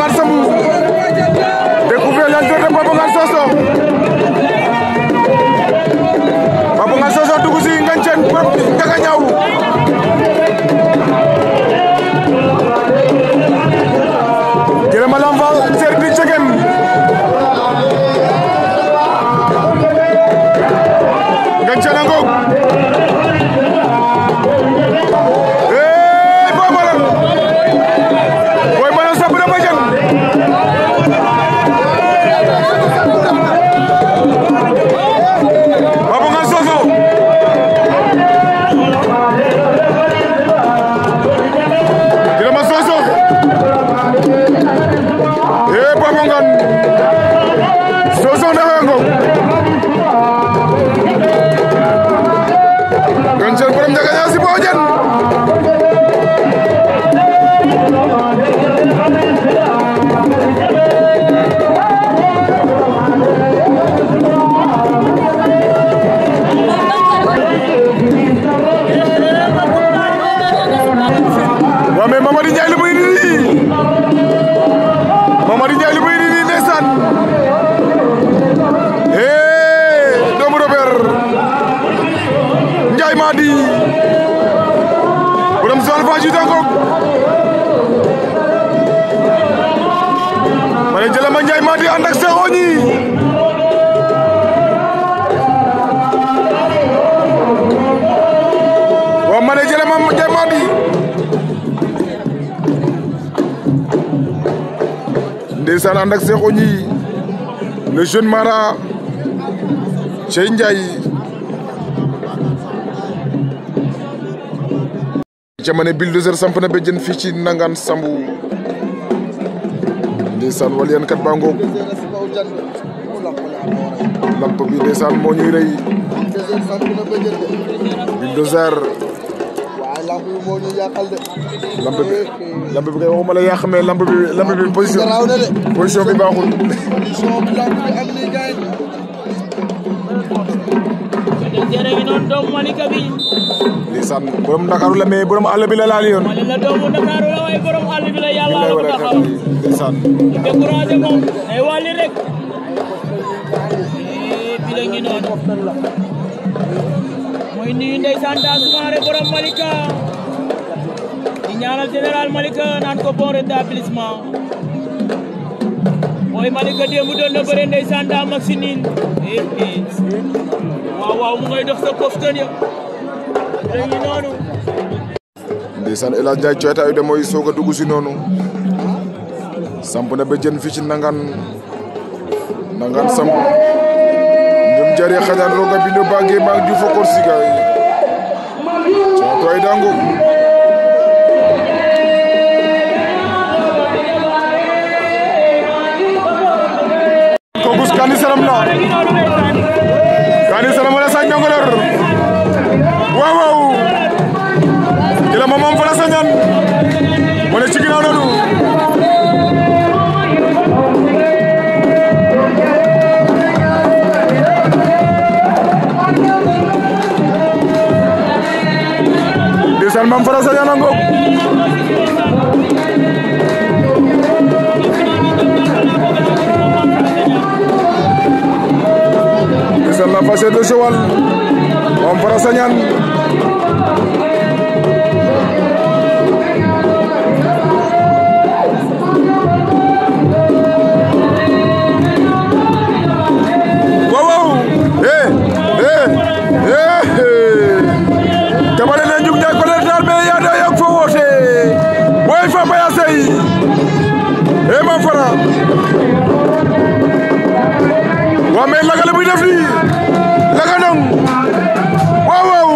got some. Juuta ma ne Jalama Njaay maa di ànd ak Seexu ñi ma ne Jalama Njaay maa di ndeysaan ànd ak Seexu ñi le jeune mara Cheikh jamane Bulldozer samp na ba jën fii ci nangan sambu ndeysaan walian kat bango ngoog lamp bi ndeysaan mo ñuy reuy Bulldozer lamp bi moo ñuy yàqal de lamp bi lamp bi kay waxuma la yaax me lamp bi lamp bi position position bi baaxul doomu Malika bi. ndeysaan borom la mais borom àll bi la laal yoon. wala doomu Ndakaaru la waaye borom àll bi la yàlla la ko taxaw. bi la ngi mooy nuyu ndeysaan daa sumaare borom Malika. di ñaanal général Malika naan ko bon rétablissement. mooy Malika démb doon na bëre ndeysaan daa machine. waaw waaw mu ngay dox sa koftan mooy soog a dugg si noonu samp na ba jën fii ci nangan nangan samp ñum jari xañaan rooga bindo baage maag ju fo korsiga cootoay dangu Vivian mu ne ci ginnaaw noonu ndeysaan Mame Fara Sagnana ngoog ndeysaan la facette Bambara waaw mais Laga la muy def Laga Ndong waaw waaw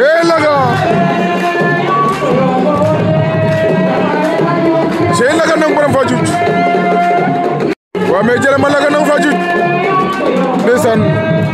eh, Laga c'est Laga Ndong borom Fadiouth waaw mais jërëma Laga Ndong Fadiouth ndeysaan